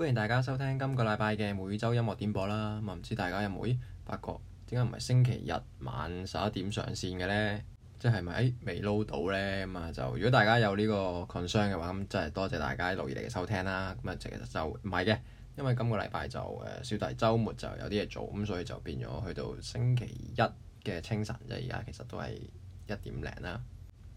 歡迎大家收聽今個禮拜嘅每周音樂點播啦。咁唔知大家有冇發覺，點解唔係星期日晚十一點上線嘅呢？即係咪誒未 load 到呢？咁啊，就如果大家有呢個 concern 嘅話，咁真係多謝大家一路以嚟嘅收聽啦。咁啊，其實就唔係嘅，因為今個禮拜就誒、呃，小弟周末就有啲嘢做，咁所以就變咗去到星期一嘅清晨，即係而家其實都係一點零啦。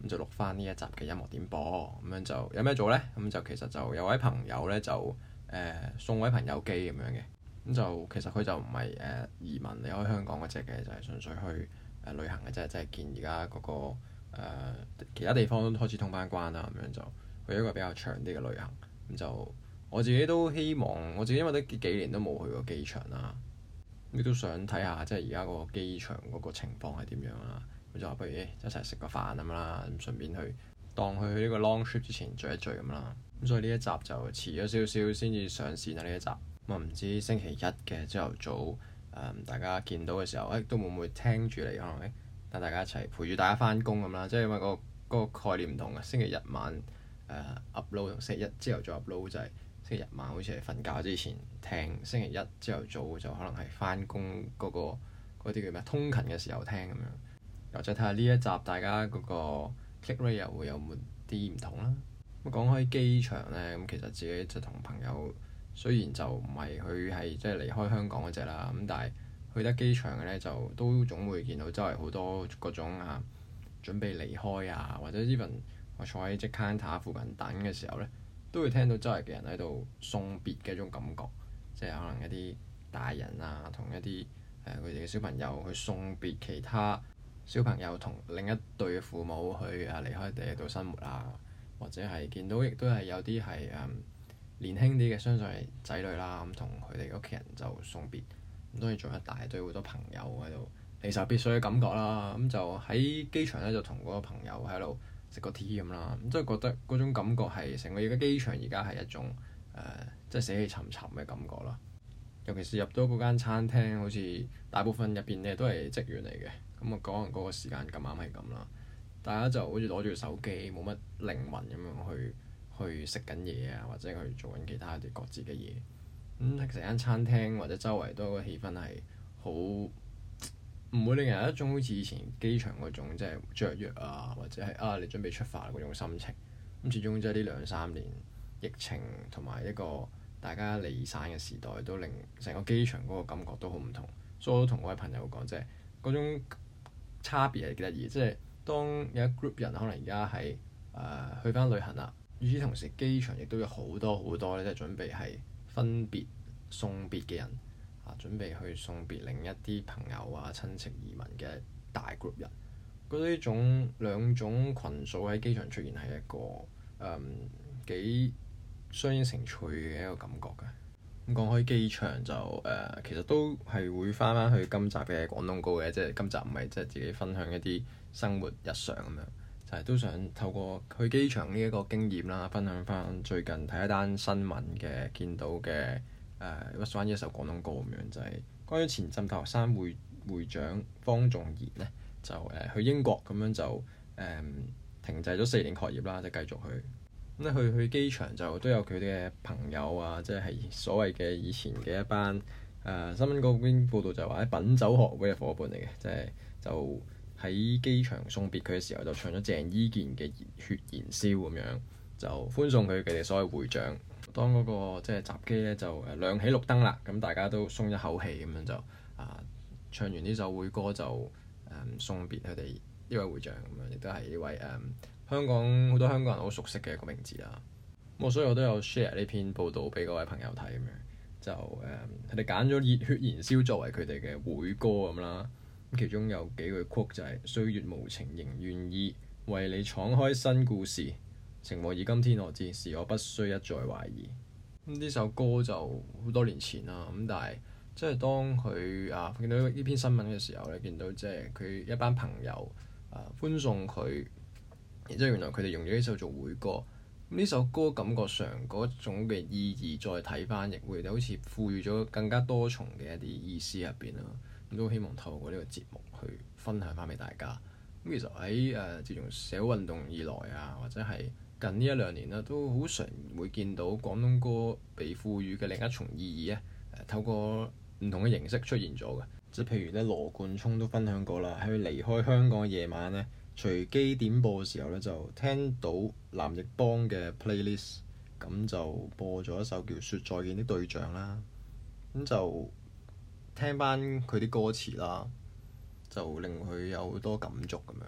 咁就錄翻呢一集嘅音樂點播，咁樣就有咩做呢？咁就其實就有位朋友呢。就。誒送位朋友機咁樣嘅，咁就其實佢就唔係誒移民離開香港嗰隻嘅，就係純粹去誒旅行嘅啫，即係見而家嗰個、呃、其他地方都開始通返關啦，咁樣就去一個比較長啲嘅旅行。咁就我自己都希望，我自己因為都幾年都冇去過機場啦，咁都想睇下即係而家個機場嗰個情況係點樣啦。咁就話不如一齊食個飯咁啦，咁順便去當佢去呢個 long trip 之前聚一聚咁啦。咁所以呢一集就遲咗少少先至上線啊！呢一集我唔、嗯、知星期一嘅朝頭早誒、呃，大家見到嘅時候，誒、欸、都會唔會聽住嚟？可能咧，帶大家一齊陪住大家翻工咁啦。即係因為個嗰、那個概念唔同嘅，星期日晚誒 upload 同星期一朝頭早 upload 就係、是、星期日晚好似係瞓覺之前聽，星期一朝頭早就可能係翻工嗰個嗰啲叫咩通勤嘅時候聽咁樣。又再睇下呢一集大家嗰個 click rate 會有冇啲唔同啦。咁講開機場咧，咁其實自己就同朋友雖然就唔係佢係即係離開香港嗰隻啦，咁但係去得機場嘅呢，就都總會見到周圍好多嗰種啊，準備離開啊，或者 e 依份我坐喺即卡 o u n 附近等嘅時候呢，都會聽到周圍嘅人喺度送別嘅一種感覺，即係可能一啲大人啊，同一啲誒佢哋嘅小朋友去送別其他小朋友同另一對父母去啊離開第二度生活啊。或者係見到，亦都係有啲係誒年輕啲嘅，相信係仔女啦，咁同佢哋屋企人就送別，當然仲有一大堆好多朋友喺度，其實別墅嘅感覺啦，咁、嗯、就喺機場咧就同嗰個朋友喺度食個 tea 咁啦，咁即係覺得嗰種感覺係成個而家機場而家係一種誒，即、呃、係、就是、死氣沉沉嘅感覺啦。尤其是入到嗰間餐廳，好似大部分入邊咧都係職員嚟嘅，咁、嗯、啊講嗰個時間咁啱係咁啦。大家就好似攞住手機，冇乜靈魂咁樣去去食緊嘢啊，或者去做緊其他啲各自嘅嘢。咁、嗯、成間餐廳或者周圍都有個氣氛係好唔會令人一種好似以前機場嗰種即係雀約啊，或者係啊你準備出發嗰種心情。咁、嗯、始終即係呢兩三年疫情同埋一個大家離散嘅時代，都令成個機場嗰個感覺都好唔同。所以我都同我位朋友講，即係嗰種差別係幾得意，即係。當有一 group 人可能而家喺誒去翻旅行啦。與此同時，機場亦都有好多好多咧，即係準備係分別送別嘅人啊，準備去送別另一啲朋友啊、親戚移民嘅大 group 人。覺得呢種兩種群組喺機場出現係一個誒幾相映成趣嘅一個感覺㗎。咁講開機場就誒、呃，其實都係會翻翻去今集嘅廣東歌嘅，即係今集唔係即係自己分享一啲。生活日常咁樣，就係、是、都想透過去機場呢一個經驗啦，分享翻最近睇一單新聞嘅見到嘅誒，watch one 一首廣東歌咁樣、就是，就係關於前浸大學生會會長方仲賢咧，就誒、uh, 去英國咁樣就誒、um, 停滯咗四年學業啦，就係繼續去咁咧去去機場就都有佢嘅朋友啊，即、就、係、是、所謂嘅以前嘅一班誒、uh, 新聞嗰邊報導就話喺品酒學嗰啲伙伴嚟嘅，即、就、係、是、就。喺機場送別佢嘅時候就唱咗鄭伊健嘅《熱血燃燒》，咁樣就歡送佢哋所謂會長。當嗰、那個即係閘機咧就誒、呃、亮起綠燈啦，咁大家都鬆一口氣咁樣就啊、呃、唱完呢首會歌就誒、呃、送別佢哋呢位會長咁樣，亦都係呢位誒、呃、香港好多香港人好熟悉嘅一個名字啦。咁所以我都有 share 呢篇報導俾各位朋友睇咁樣，就誒佢哋揀咗《呃、熱血燃燒》作為佢哋嘅會歌咁啦。其中有幾句曲就係、是、歲月無情仍願意為你闖開新故事，情和以今天我知是我不需一再懷疑。咁呢首歌就好多年前啦，咁但係即係當佢啊見到呢篇新聞嘅時候咧，見到即係佢一班朋友啊歡送佢，即係原來佢哋用咗呢首做會歌。咁呢首歌感覺上嗰種嘅意義，再睇翻亦會好似賦予咗更加多重嘅一啲意思入邊啦。都希望透過呢個節目去分享翻俾大家。咁其實喺誒、呃、自從社會運動以來啊，或者係近呢一兩年咧、啊，都好常會見到廣東歌被賦予嘅另一重意義啊。誒、呃，透過唔同嘅形式出現咗嘅，即譬如咧，羅冠聰都分享過啦，喺佢離開香港嘅夜晚咧，隨機點播嘅時候咧，就聽到藍奕邦嘅 playlist，咁就播咗一首叫《説再見的對象》啦，咁就。聽翻佢啲歌詞啦，就令佢有好多感觸咁樣，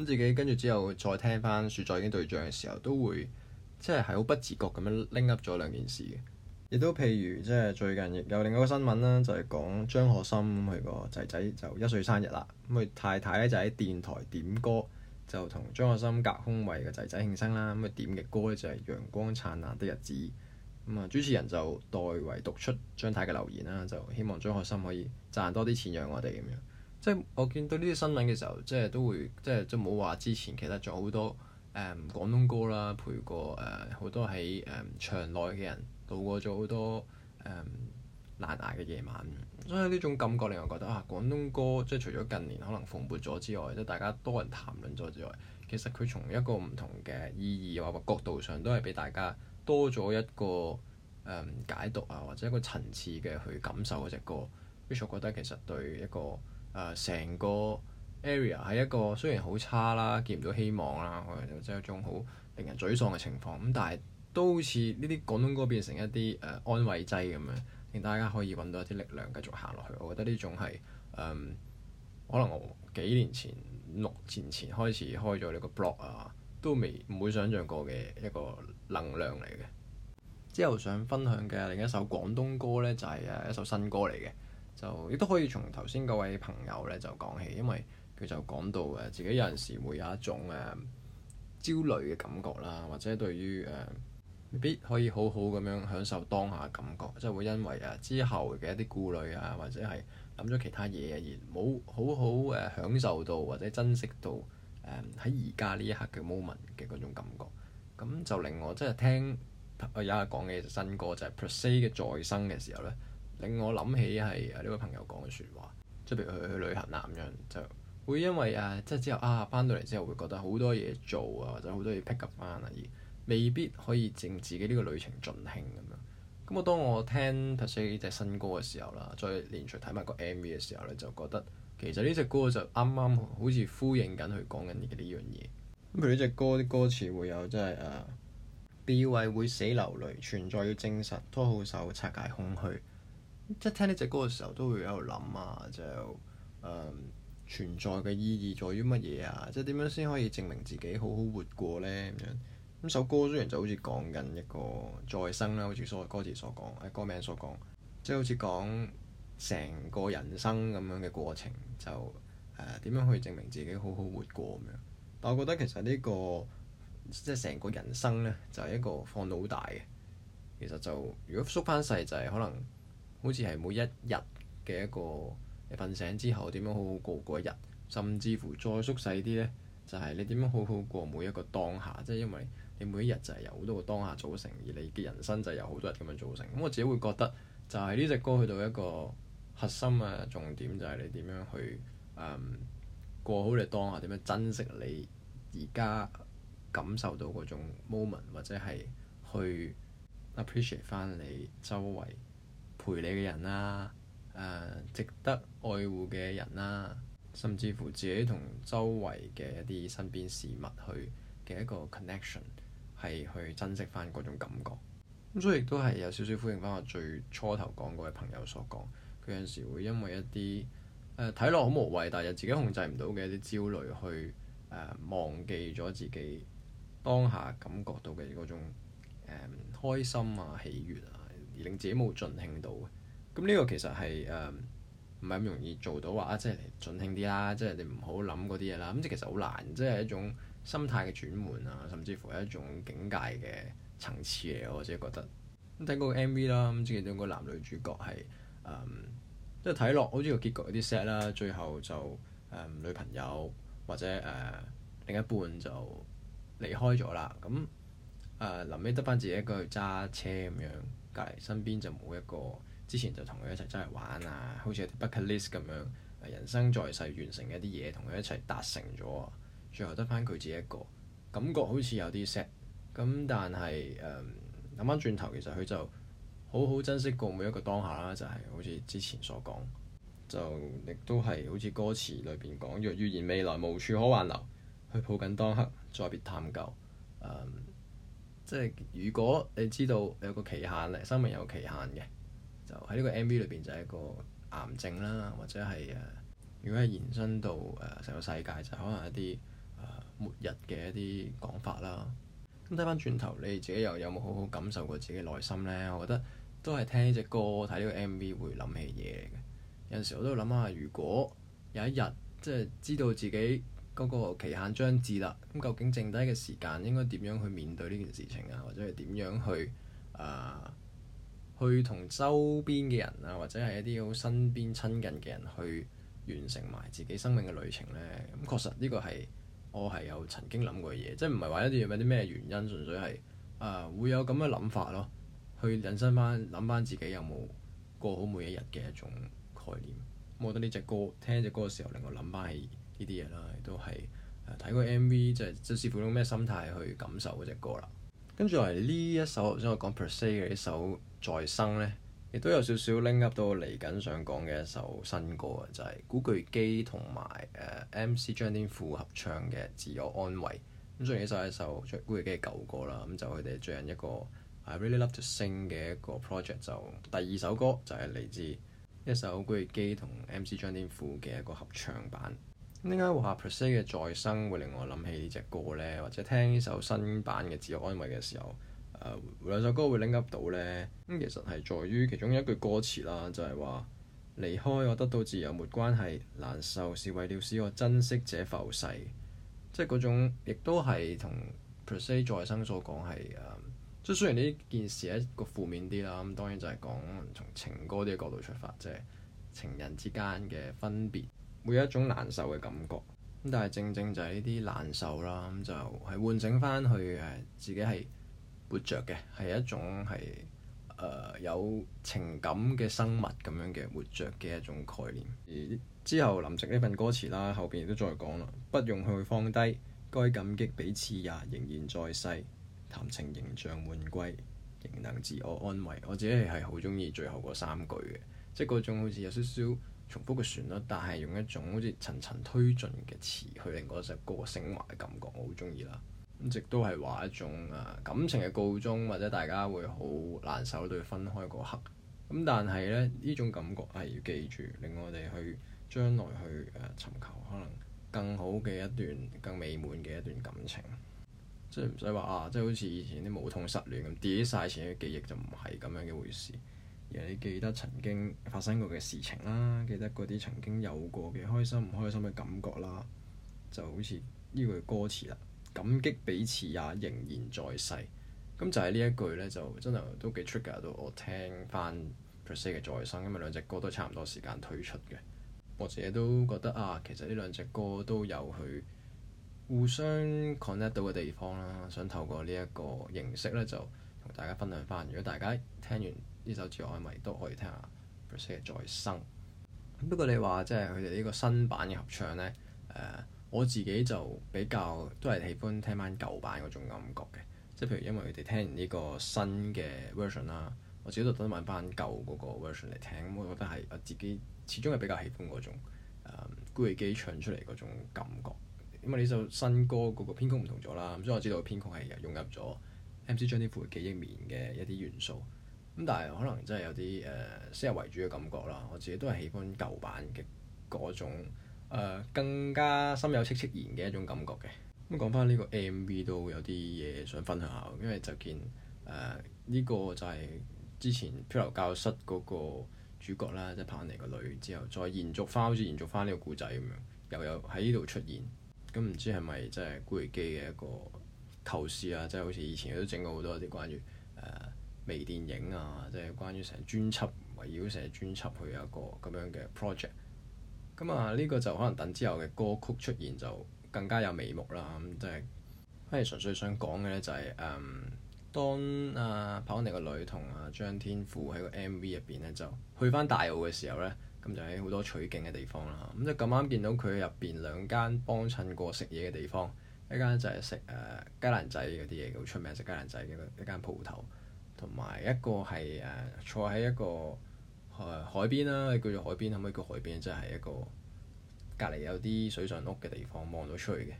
咁自己跟住之後再聽翻《樹在風中對唱》嘅時候，都會即係係好不自覺咁樣拎 Up 咗兩件事嘅。亦都譬如即係最近亦有另外一個新聞啦，就係、是、講張可心佢個仔仔就一歲生日啦，咁佢太太咧就喺電台點歌，就同張可心隔空為個仔仔慶生啦，咁佢點嘅歌咧就係、是《陽光燦爛的日子》。咁啊，主持人就代為讀出張太嘅留言啦，就希望張學森可以賺多啲錢讓我哋咁樣。即係我見到呢啲新聞嘅時候，即係都會，即係都冇話之前，其實仲有好多誒、嗯、廣東歌啦，陪過誒好、呃、多喺誒、嗯、場內嘅人度過咗好多誒難捱嘅夜晚。所以呢種感覺令我覺得啊，廣東歌即係除咗近年可能蓬勃咗之外，即係大家多人談論咗之外，其實佢從一個唔同嘅意義或角度上都係俾大家。多咗一個誒、嗯、解讀啊，或者一個層次嘅去感受嗰隻歌 w 是我覺得其實對一個誒成、呃、個 area 係一個雖然好差啦，見唔到希望啦，可、嗯、能就即、是、係一種好令人沮喪嘅情況。咁但係都好似呢啲廣東歌變成一啲誒、呃、安慰劑咁樣，令大家可以揾到一啲力量繼續行落去。我覺得呢種係誒、嗯、可能我幾年前、六年前開始開咗呢個 blog 啊。都未唔會想象過嘅一個能量嚟嘅。之後想分享嘅另一首廣東歌呢，就係啊一首新歌嚟嘅。就亦都可以從頭先嗰位朋友呢，就講起，因為佢就講到誒自己有陣時會有一種誒焦慮嘅感覺啦，或者對於誒未必可以好好咁樣享受當下嘅感覺，即係會因為啊之後嘅一啲顧慮啊，或者係諗咗其他嘢而冇好好誒享受到或者珍惜到。喺而家呢一刻嘅 moment 嘅嗰種感覺，咁就令我即係聽阿日講嘅新歌就係 per se 嘅再生嘅時候咧，令我諗起係啊呢位朋友講嘅説話，即係譬如去去旅行啊咁樣，就會因為誒即係之後啊翻到嚟之後會覺得好多嘢做啊，或者好多嘢 pick up 翻啊，而未必可以正自己呢個旅程盡興咁、啊、樣。咁我當我聽 per se 呢隻新歌嘅時候啦，再連續睇埋個 MV 嘅時候咧，就覺得。其實呢隻歌就啱啱好似呼應緊佢講緊嘅呢樣嘢，咁佢呢隻歌啲歌詞會有即係 B 卑微會死流淚，存在要證實，拖好手拆解空虛。即係聽呢隻歌嘅時候都會喺度諗啊，就啊存在嘅意義在於乜嘢啊？即係點樣先可以證明自己好好活過呢？」咁樣，咁首歌雖然就好似講緊一個再生啦，好似所歌詞所講，誒、啊、歌名所講，即係好似講。成個人生咁樣嘅過程，就誒點、呃、樣去證明自己好好活過咁樣？但我覺得其實呢、這個即係成個人生呢，就係、是、一個放到好大嘅。其實就如果縮翻細，就係、是、可能好似係每一日嘅一個你瞓醒之後，點樣好好過過一日，甚至乎再縮細啲呢，就係、是、你點樣好好過每一個當下。即、就、係、是、因為你每一日就係由好多個當下組成，而你嘅人生就由好多日咁樣組成。咁我自己會覺得就係呢隻歌去到一個，核心啊，重點就係你點樣去誒、嗯、過好你當下，點樣珍惜你而家感受到嗰種 moment，或者係去 appreciate 翻你周圍陪你嘅人啦、啊，誒、呃、值得愛護嘅人啦、啊，甚至乎自己同周圍嘅一啲身邊事物去嘅一個 connection，係去珍惜翻嗰種感覺。咁所以亦都係有少少呼應翻我最初頭講嗰位朋友所講。佢有時會因為一啲誒睇落好無謂，但係自己控制唔到嘅一啲焦慮，去誒、呃、忘記咗自己當下感覺到嘅嗰種誒、呃、開心啊、喜悅啊，而令自己冇盡興到嘅。咁呢個其實係誒唔係咁容易做到，話啊即係盡興啲啦，即係你唔好諗嗰啲嘢啦。咁即係其實好難，即係一種心態嘅轉換啊，甚至乎係一種境界嘅層次嚟。我自己覺得睇嗰個 M V 啦，咁即係兩個男女主角係。即係睇落好似個結局有啲 sad 啦，最後就誒、嗯、女朋友或者誒、呃、另一半就離開咗啦，咁誒臨尾得翻自己一個去揸車咁樣，隔籬身邊就冇一個之前就同佢一齊出去玩啊，好似啲 bucket list 咁樣，人生在世完成嘅一啲嘢同佢一齊達成咗，啊。最後得翻佢自己一個，感覺好似有啲 sad，咁但係誒諗翻轉頭其實佢就～好好珍惜過每一個當下啦，就係、是、好似之前所講，就亦都係好似歌詞裏邊講，若預言未來無處可挽留，去抱緊當刻，再別探究。嗯、即係如果你知道有個期限咧，生命有期限嘅，就喺呢個 MV 裏邊就係一個癌症啦，或者係誒，如果係延伸到誒成個世界，就可能一啲誒、呃、末日嘅一啲講法啦。咁睇返轉頭，你自己又有冇好好感受過自己嘅內心呢？我覺得。都係聽呢隻歌睇呢個 M.V. 會諗起嘢嘅。有陣時我都諗下，如果有一日即係知道自己嗰個期限將至啦，咁究竟剩低嘅時間應該點樣去面對呢件事情啊？或者係點樣去啊、呃、去同周邊嘅人啊，或者係一啲好身邊親近嘅人去完成埋自己生命嘅旅程咧？咁確實呢個係我係有曾經諗過嘅嘢，即係唔係話一定要有啲咩原因，純粹係啊、呃、會有咁嘅諗法咯。去引申翻，諗翻自己有冇過好每一日嘅一種概念。我覺得呢隻歌，聽隻歌嘅時候令我諗翻起呢啲嘢啦，亦都係睇、呃、過 MV，即係即係視乎用咩心態去感受嗰隻歌啦。跟住嚟呢一首，我想我講 p e r c e 嘅一首再生咧，亦都有少少拎 i up 到嚟緊想講嘅一首新歌啊，就係、是、古巨基同埋誒 MC 張天賦合唱嘅《自我安慰》。咁、嗯、雖然呢首一首古巨基嘅舊歌啦，咁、嗯、就佢哋最近一個。I really love to sing 嘅一個 project 就第二首歌就係嚟自一首古巨基同 M.C. 張天賦嘅一個合唱版。點解話 per se 嘅再生會令我諗起呢隻歌呢？或者聽呢首新版嘅《自我安慰》嘅時候，誒、呃、兩首歌會 link up 到呢？咁其實係在於其中一句歌詞啦，就係話離開我得到自由沒關係，難受是為了使我珍惜這浮世，即係嗰種亦都係同 per se 再生所講係即係雖然呢件事係一個負面啲啦，咁當然就係講從情歌啲角度出發，即係情人之間嘅分別，會有一種難受嘅感覺。咁但係正正就係呢啲難受啦，咁就係喚醒翻去誒自己係活著嘅，係一種係誒、呃、有情感嘅生物咁樣嘅活著嘅一種概念。而之後林夕呢份歌詞啦，後邊都再講啦，不用去放低，該感激彼此也仍然在世。談情形象換季，仍能自我安慰。我自己係好中意最後嗰三句嘅，即係嗰種好似有少少重複嘅旋律，但係用一種好似層層推進嘅詞去令嗰首歌昇華嘅感覺，我好中意啦。咁直都係話一種啊感情嘅告終，或者大家會好難受都要分開嗰刻。咁但係咧，呢種感覺係要記住，令我哋去將來去誒、啊、尋求可能更好嘅一段、更美滿嘅一段感情。即係唔使話啊！即係好似以前啲無痛失戀咁 delete 晒前嘅記憶，就唔係咁樣嘅回事。而你記得曾經發生過嘅事情啦，記得嗰啲曾經有過嘅開心唔開心嘅感覺啦，就好似呢句歌詞啦，感激彼此啊，仍然在世。咁就係呢一句呢，就真係都幾 trigger 到我聽翻《per se》嘅再生，因為兩隻歌都差唔多時間推出嘅，我自己都覺得啊，其實呢兩隻歌都有佢。互相 connect 到嘅地方啦，想透過呢一個形式咧，就同大家分享翻。如果大家聽完呢首《自我安慰》都可以聽下 per se《再生》。不過你話即係佢哋呢個新版嘅合唱咧，誒、呃、我自己就比較都係喜歡聽翻舊版嗰種感覺嘅，即係譬如因為佢哋聽完呢個新嘅 version 啦，我自己都等揾翻舊嗰個 version 嚟聽，咁我覺得係我自己始終係比較喜歡嗰種誒古巨基唱出嚟嗰種感覺。咁啊！呢首新歌個個編曲唔同咗啦，所以我知道編曲係融入咗 MC 張天賦嘅記憶棉嘅一啲元素。咁但係可能真係有啲誒先入為主嘅感覺啦。我自己都係喜歡舊版嘅嗰種、呃、更加心有戚戚然嘅一種感覺嘅。咁講翻呢個 M.V. 都有啲嘢想分享下，因為就見誒呢、呃這個就係之前漂流教室嗰、那個主角啦，即係彭尼個女，之後再延續翻，好似延續翻呢個故仔咁樣，又有喺呢度出現。咁唔、嗯、知係咪即係古巨基嘅一個構思啊？即係好似以前佢都整過好多啲關於誒、呃、微電影啊，即係關於成專輯圍繞成個專輯去一個咁樣嘅 project。咁、嗯、啊，呢、這個就可能等之後嘅歌曲出現就更加有眉目啦。咁即係反而純粹想講嘅咧，就係誒當啊柏安妮個女同啊張天賦喺個 MV 入邊咧，就去返大澳嘅時候咧。咁就喺好多取景嘅地方啦。咁即咁啱見到佢入邊兩間幫襯過食嘢嘅地方，一間就係食誒雞蛋仔嗰啲嘢，咁出名食雞蛋仔嘅一間鋪頭，同埋一個係誒、啊、坐喺一個海、啊、海邊啦。你叫做海邊，可唔可以叫海邊？即係一個隔離有啲水上屋嘅地方，望到出去嘅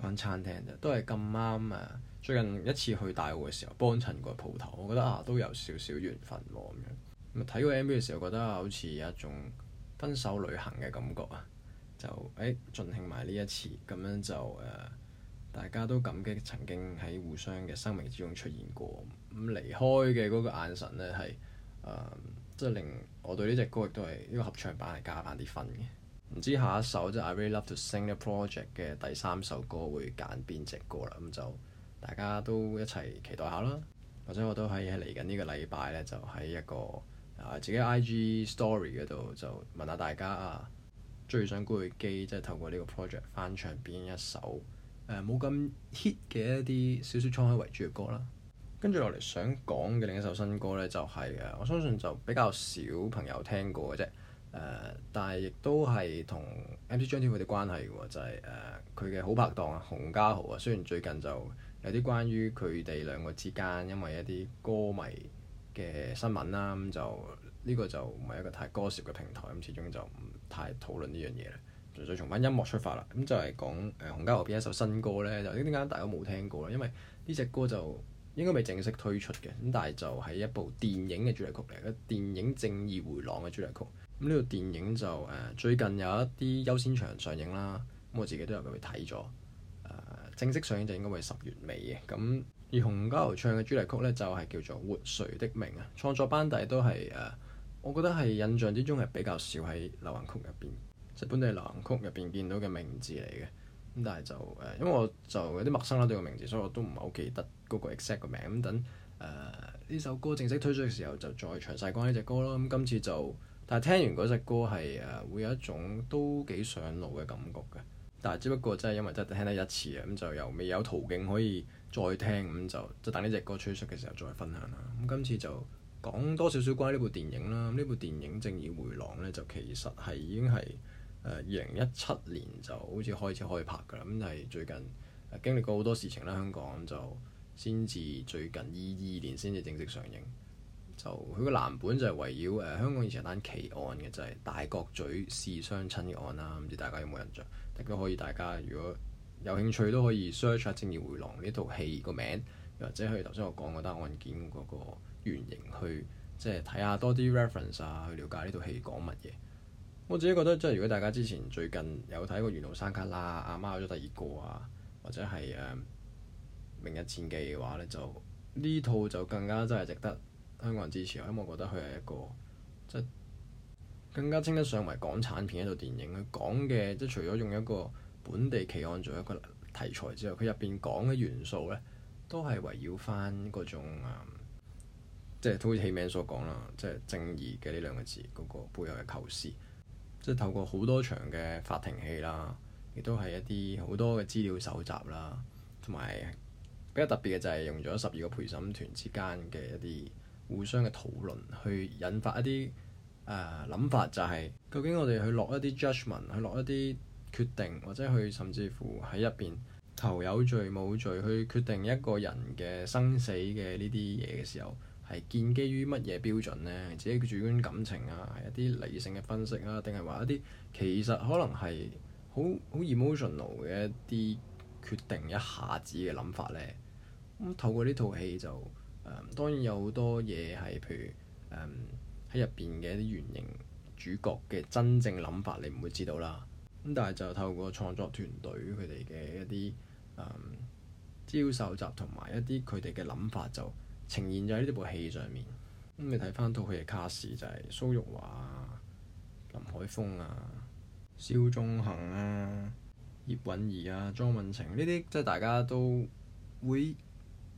嗰間餐廳都係咁啱啊！最近一次去大澳嘅時候幫襯過鋪頭，我覺得啊都有少少緣分喎、啊、咁樣。睇個 MV 嘅時候，覺得好似有一種～分手旅行嘅感覺啊，就誒盡興埋呢一次，咁樣就誒、呃、大家都感激曾經喺互相嘅生命之中出現過，咁、嗯、離開嘅嗰個眼神呢，係即係令我對呢隻歌亦都係呢個合唱版係加返啲分嘅。唔知下一首即、就、係、是、I Really Love To Sing The Project 嘅第三首歌會揀邊隻歌啦，咁就大家都一齊期待下啦。或者我都喺嚟緊呢個禮拜呢，就喺一個。啊！自己 IG Story 嗰度就問,問下大家啊，最想古巨基即係透過呢個 project 翻唱邊一首？誒冇咁 hit 嘅一啲少少創意為主嘅歌啦。跟住落嚟想講嘅另一首新歌咧，就係、是、誒、啊、我相信就比較少朋友聽過嘅啫。誒、啊，但係亦都係同 MC 張天賦啲關係嘅喎、啊，就係誒佢嘅好拍檔啊，洪嘉豪啊。雖然最近就有啲關於佢哋兩個之間因為一啲歌迷。嘅新聞啦，咁、嗯、就呢、這個就唔係一個太歌涉嘅平台，咁、嗯、始終就唔太討論呢樣嘢啦。再從翻音樂出發啦，咁、嗯、就係講誒洪嘉豪邊一首新歌呢。就點解大家冇聽過啦，因為呢隻歌就應該未正式推出嘅，咁但係就係一部電影嘅主題曲嚟嘅，電影《正義迴廊》嘅主題曲。咁、嗯、呢、這個電影就誒、呃、最近有一啲優先場上映啦，咁、嗯、我自己都有去睇咗。正式上映就應該會十月尾嘅，咁、嗯。而洪嘉豪唱嘅主題曲呢，就係、是、叫做《活誰的命》啊，創作班底都係誒，我覺得係印象之中係比較少喺流行曲入邊，即、就、係、是、本地流行曲入邊見到嘅名字嚟嘅。咁但係就誒，因為我就有啲陌生喇對個名字，所以我都唔係好記得嗰個 exact 個名。咁等誒呢、呃、首歌正式推出嘅時候，就再詳細講呢隻歌咯。咁、嗯、今次就，但係聽完嗰隻歌係誒，會有一種都幾上腦嘅感覺嘅。但係只不過真係因為真係聽得一次啊，咁就又未有途徑可以再聽，咁就即等呢隻歌推出嘅時候再分享啦。咁今次就講多少少關於呢部電影啦。咁呢部電影《正義回廊》咧，就其實係已經係誒二零一七年就好似開始開始拍㗎啦。咁係最近經歷過好多事情啦，香港就先至最近二二年先至正式上映。佢個藍本就係圍繞誒、呃、香港以前一單奇案嘅，就係、是、大角咀弒雙親嘅案啦。唔知大家有冇印象？亦都可以，大家如果有興趣都可以 search 下《正義迴廊》呢套戲個名，或者去頭先我講嗰單案件嗰個原型，去即係睇下多啲 reference 啊，去了解呢套戲講乜嘢。我自己覺得即係如果大家之前最近有睇過《緣路山旮旯》、《阿媽有咗第二個》啊，或者係誒、呃《明日戰記》嘅話咧，就呢套就更加真係值得香港人支持，我，因為我覺得佢係一個即係、就是、更加稱得上為港產片一套電影。佢講嘅即係除咗用一個本地奇案做一個題材之外，佢入邊講嘅元素咧都係圍繞翻嗰種啊、嗯，即係好似戲名所講啦，即係正義嘅呢兩個字嗰、那個背後嘅構思。即、就、係、是、透過好多場嘅法庭戲啦，亦都係一啲好多嘅資料搜集啦，同埋比較特別嘅就係用咗十二個陪審團之間嘅一啲互相嘅討論去引發一啲誒諗法、就係，就係究竟我哋去落一啲 judgement，去落一啲決定，或者去甚至乎喺入邊投有罪冇罪，去決定一個人嘅生死嘅呢啲嘢嘅時候，係建基於乜嘢標準呢？自己嘅主觀感情啊，係一啲理性嘅分析啊，定係話一啲其實可能係好好 emotional 嘅一啲決定，一下子嘅諗法呢？咁透過呢套戲就～誒當然有好多嘢係，譬如喺入邊嘅一啲原型主角嘅真正諗法，你唔會知道啦。咁但係就透過創作團隊佢哋嘅一啲、嗯、招手集同埋一啲佢哋嘅諗法，就呈現喺呢部戲上面。咁、嗯、你睇翻套佢嘅卡 a 就係、是、蘇玉華林海峰、啊、蕭仲恒啊、葉允怡啊、莊允晴呢啲，即係、就是、大家都會。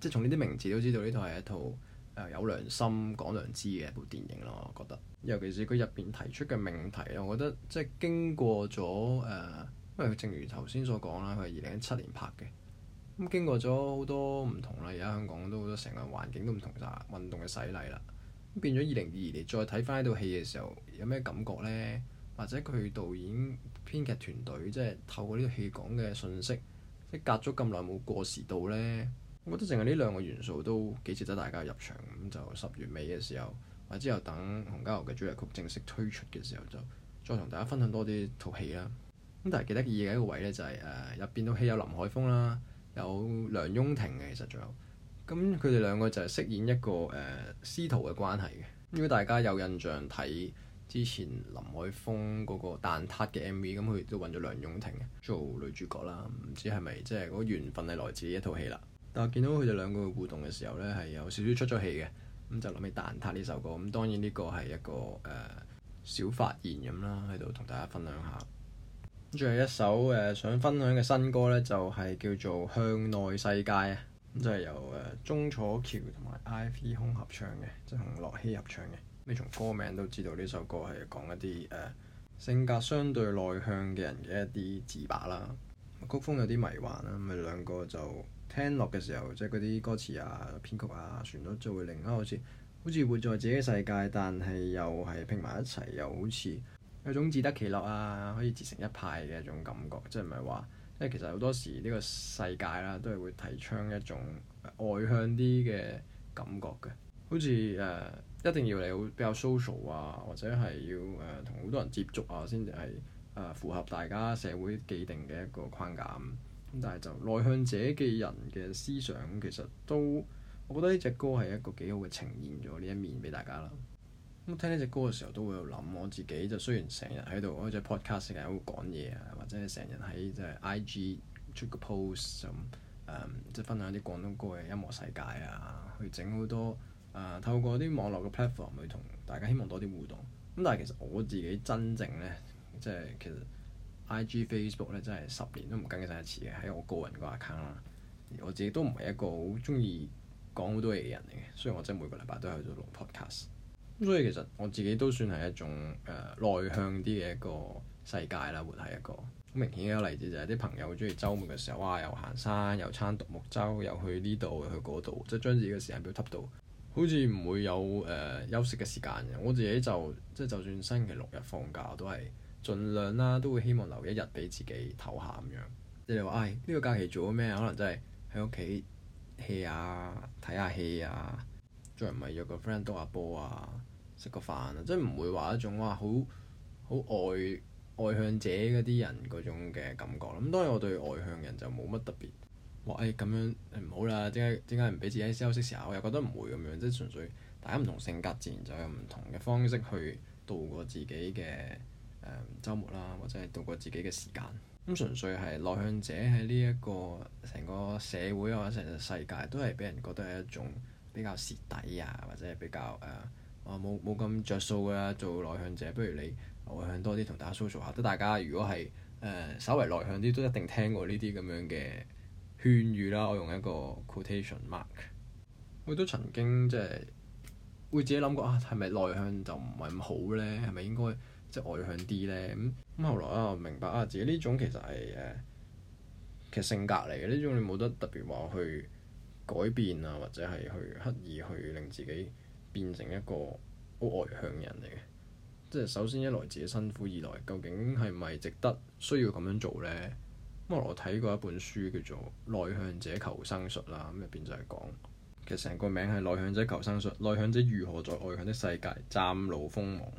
即係從呢啲名字都知道，呢套係一套誒、呃、有良心講良知嘅一部電影咯。我覺得尤其是佢入邊提出嘅命題，我覺得即係經過咗誒，因、呃、為正如頭先所講啦，佢係二零一七年拍嘅咁，經過咗好多唔同啦。而家香港都好多成個環境都唔同曬，運動嘅洗禮啦，咁變咗二零二二年再睇翻呢套戲嘅時候，有咩感覺呢？或者佢導演編劇團隊即係透過呢套戲講嘅信息，即係隔咗咁耐冇過時到呢？我覺得淨係呢兩個元素都幾值得大家入場，咁就十月尾嘅時候，或者又等洪嘉豪嘅主題曲正式推出嘅時候，就再同大家分享多啲套戲啦。咁但係記得意嘅一個位呢，就係誒入邊套戲有林海峰啦，有梁雍婷嘅，其實仲有，咁佢哋兩個就係飾演一個誒、呃、師徒嘅關係嘅。如果大家有印象睇之前林海峰嗰個蛋撻嘅 MV，咁佢都揾咗梁雍婷做女主角啦。唔知係咪即係嗰個緣分係來自呢一套戲啦？但我見到佢哋兩個互動嘅時候呢係有少少出咗氣嘅，咁，就諗起《蛋撻》呢首歌。咁當然呢個係一個誒、呃、小發現咁啦，喺度同大家分享下。咁仲係一首誒、呃、想分享嘅新歌呢就係、是、叫做《向內世界》啊。咁就係、是、由誒鐘、呃、楚橋同埋 Ivy Hung 合唱嘅，即同樂希合唱嘅。咁你從歌名都知道呢首歌係講一啲誒、呃、性格相對內向嘅人嘅一啲自白啦。曲風有啲迷幻啦，咪兩個就～聽落嘅時候，即係嗰啲歌詞啊、編曲啊、旋律，就會令到好似好似活在自己嘅世界，但係又係拼埋一齊，又好似有種自得其樂啊，可以自成一派嘅一種感覺。即係唔係話，即係其實好多時呢個世界啦、啊，都係會提倡一種外向啲嘅感覺嘅，好似誒、呃、一定要你好比較 social 啊，或者係要誒同好多人接觸啊，先至係誒符合大家社會既定嘅一個框架。咁但係就內向者嘅人嘅思想，其實都我覺得呢隻歌係一個幾好嘅呈現咗呢一面俾大家啦。咁聽呢隻歌嘅時候都會有諗我自己，就雖然成日喺度，我喺隻 podcast 成日喺度講嘢啊，或者係成日喺即係 IG 出個 post 咁、嗯、誒，即係分享啲廣東歌嘅音樂世界啊，去整好多啊、嗯，透過啲網絡嘅 platform 去同大家希望多啲互動。咁但係其實我自己真正咧，即係其實。I G Facebook 咧真係十年都唔更新一次嘅，喺我個人個 account 啦。我自己都唔係一個好中意講好多嘢嘅人嚟嘅，雖然我真係每個禮拜都喺度錄 podcast。咁所以其實我自己都算係一種誒、呃、內向啲嘅一個世界啦，活喺一個好明顯嘅例子就係、是、啲朋友中意周末嘅時候啊，又行山，又撐獨木舟，又去呢度去嗰度，即係將自己嘅時間表執到好似唔會有誒、呃、休息嘅時間嘅。我自己就即係就算星期六日放假我都係。盡量啦，都會希望留一日俾自己唞下咁樣。即係你話，唉，呢個假期做咗咩？可能真係喺屋企唞下、睇下戲啊，再唔係約個 friend 篤下波啊，食個飯啊，即係唔會話一種哇好好外外向者嗰啲人嗰種嘅感覺。咁當然我對外向人就冇乜特別話誒咁樣唔好啦。點解點解唔俾自己休息時啊？C C C、C, 我又覺得唔會咁樣，即係純粹大家唔同性格，自然就有唔同嘅方式去度過自己嘅。周末啦，或者係度過自己嘅時間咁，純粹係內向者喺呢一個成個社會或者成個世界都係俾人覺得係一種比較蝕底啊，或者係比較誒冇冇咁着數嘅做內向者。不如你外向多啲同大家 social 下。得大家如果係誒、呃、稍為內向啲，都一定聽過呢啲咁樣嘅勸喻啦。我用一個 quotation mark，我都曾經即係會自己諗過啊，係咪內向就唔係咁好呢？係咪應該？即係外向啲咧，咁、嗯、咁後來咧我明白啊，自己呢種其實係誒，其實性格嚟嘅，呢種你冇得特別話去改變啊，或者係去刻意去令自己變成一個好外向人嚟嘅。即係首先一來自己辛苦，二來究竟係咪值得需要咁樣做咧？咁後來我睇過一本書叫做《內向者求生術》啦，咁入邊就係講其實成個名係《內向者求生術》，內向者如何在外向的世界嶄露鋒芒。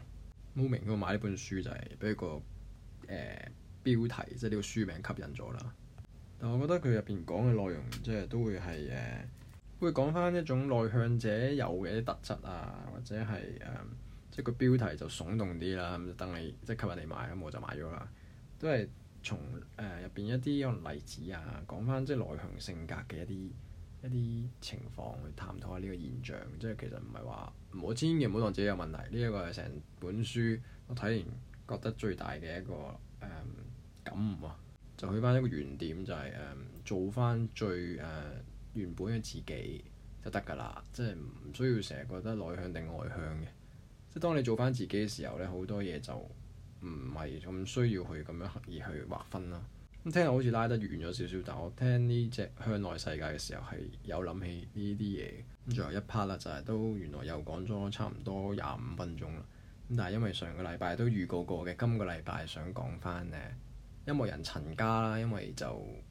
冇名我買呢本書就係俾個誒、呃、標題，即係呢個書名吸引咗啦。但我覺得佢入邊講嘅內容，即係都會係誒、呃、會講翻一種內向者有嘅一啲特質啊，或者係誒即係個標題就聳動啲啦。咁就等你即係、就是、吸引你買，咁我就買咗啦。都係從誒入邊一啲例子啊，講翻即係內向性格嘅一啲。一啲情況去探討下呢個現象，即係其實唔係話唔好千祈唔好當自己有問題。呢、這、一個係成本書我睇完覺得最大嘅一個誒、嗯、感悟啊，就去翻一個原點，就係、是、誒、嗯、做翻最誒、呃、原本嘅自己就得㗎啦。即係唔需要成日覺得內向定外向嘅。即係當你做翻自己嘅時候咧，好多嘢就唔係咁需要去咁樣刻意去劃分啦、啊。聽好似拉得遠咗少少，但我聽呢隻《向內世界》嘅時候係有諗起呢啲嘢。咁、嗯、最後一 part 啦，就係、是、都原來又講咗差唔多廿五分鐘啦。咁但係因為上個禮拜都預告過嘅，今個禮拜想講翻呢音樂人陳嘉啦。因為就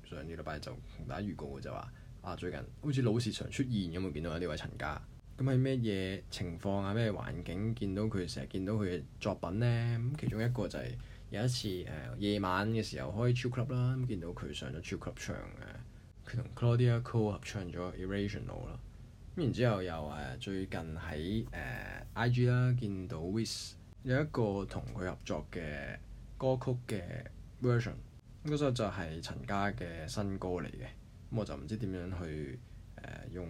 上個禮拜就同大家預告就話啊，最近好似老是常出現咁啊，見到呢位陳嘉。咁係咩嘢情況啊？咩環境見到佢成日見到佢嘅作品呢？咁其中一個就係、是。有一次誒夜、呃、晚嘅時候開 Chill Club 啦、啊，咁見到佢上咗 Chill Club 唱嘅。佢同 Claudia Cole 合唱咗、啊《Irrational》啦。咁然之後又誒、啊、最近喺誒、呃、IG 啦、啊、見到 Wiz 有一個同佢合作嘅歌曲嘅 version，咁嗰首就係、是、陳嘉嘅新歌嚟嘅。咁、啊、我就唔知點樣去誒、啊、用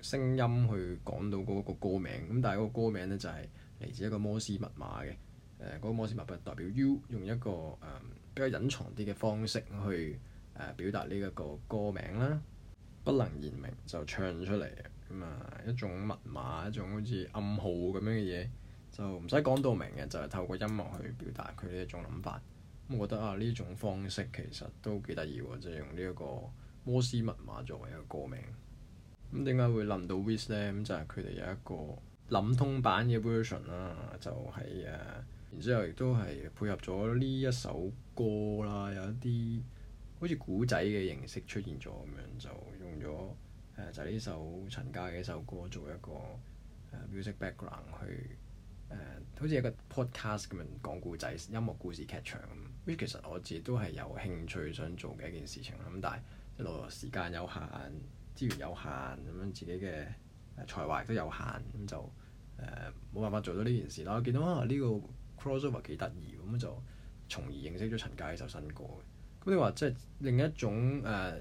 聲音去講到嗰個歌名，咁、啊、但係個歌名咧就係、是、嚟自一個摩斯密碼嘅。誒嗰、呃那個摩斯密碼代表 U，用一個誒、嗯、比較隱藏啲嘅方式去誒、呃、表達呢一個歌名啦。不能言明就唱出嚟，咁、嗯、啊一種密碼，一種好似暗號咁樣嘅嘢，就唔使講到明嘅，就係、是、透過音樂去表達佢呢一種諗法。咁、嗯、我覺得啊，呢種方式其實都幾得意喎，即、就、係、是、用呢一個摩斯密碼作為一個歌名。咁點解會諗到 Wish 咧？咁、嗯、就係佢哋有一個諗通版嘅 version 啦，就係、是、誒。啊然之後，亦都係配合咗呢一首歌啦，有一啲好似古仔嘅形式出現咗咁樣就、呃，就用咗誒就係呢首陳嘉嘅一首歌做一個、呃、music background 去誒、呃，好似一個 podcast 咁樣講古仔、音樂故事劇場咁。其實我自己都係有興趣想做嘅一件事情咁、嗯、但係一路時間有限、資源有限，咁、嗯、樣自己嘅才華亦都有限，咁、嗯、就誒冇、呃、辦法做到呢件事啦。我見到呢、啊這個，crossover 幾得意，咁就從而認識咗陳嘉呢首新歌嘅。咁你話即係另一種誒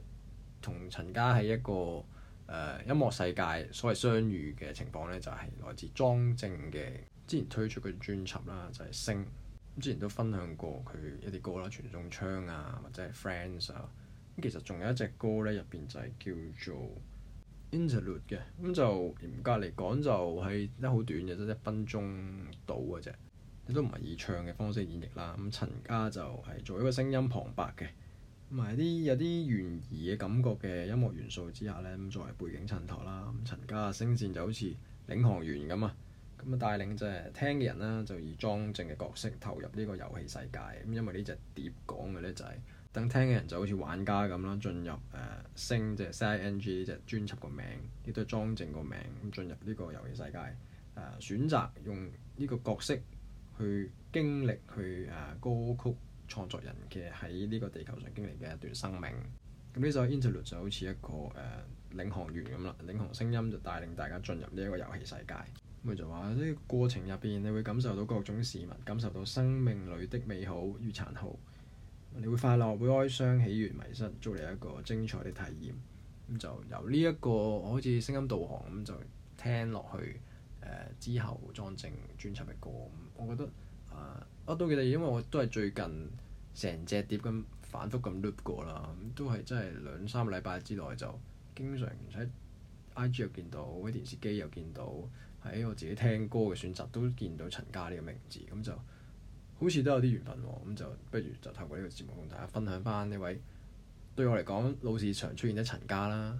同、呃、陳嘉喺一個誒、呃、音樂世界所謂相遇嘅情況咧，就係、是、來自莊正嘅之前推出嘅專輯啦，就係、是、星，咁之前都分享過佢一啲歌啦，傳中槍啊或者係 Friends 啊咁，其實仲有一隻歌咧，入邊就係叫做 Interlude 嘅，咁就嚴格嚟講就係得好短嘅，得、就是、一分鐘到嘅啫。都唔係以唱嘅方式演繹啦。咁陳家就係做一個聲音旁白嘅，同埋啲有啲懸疑嘅感覺嘅音樂元素之下呢，咁作為背景襯托啦。咁陳家聲線就好似領航員咁啊，咁啊帶領就係聽嘅人呢，就以莊正嘅角色投入呢個遊戲世界。咁因為呢隻碟講嘅呢，就係等聽嘅人就好似玩家咁啦，進入誒聲即係 SYNG 呢隻專輯個名，亦都係莊正個名咁進入呢個遊戲世界誒、呃，選擇用呢個角色。去經歷，去誒歌曲創作人嘅喺呢個地球上經歷嘅一段生命。咁呢首 interlude 就好似一個誒、呃、領航員咁啦，領航聲音就帶領大家進入呢一個遊戲世界。咁佢就話呢、呢個過程入邊，你會感受到各種市民感受到生命裏的美好與殘酷。你會快樂，會哀傷起源，喜悅迷失，做嚟一個精彩嘅體驗。咁就由呢、呢、一個好似聲音導航咁，就聽落去誒、呃、之後裝正專輯嘅歌。我覺得啊，我都記得，因為我都係最近成隻碟咁反覆咁 loop 過啦，咁都係真係兩三個禮拜之內就經常喺 IG 又見到，喺電視機又見到，喺我自己聽歌嘅選擇都見到陳嘉呢個名字，咁就好似都有啲緣分喎、啊。咁就不如就透過呢個節目同大家分享返呢位對我嚟講老是常出現的陳嘉啦。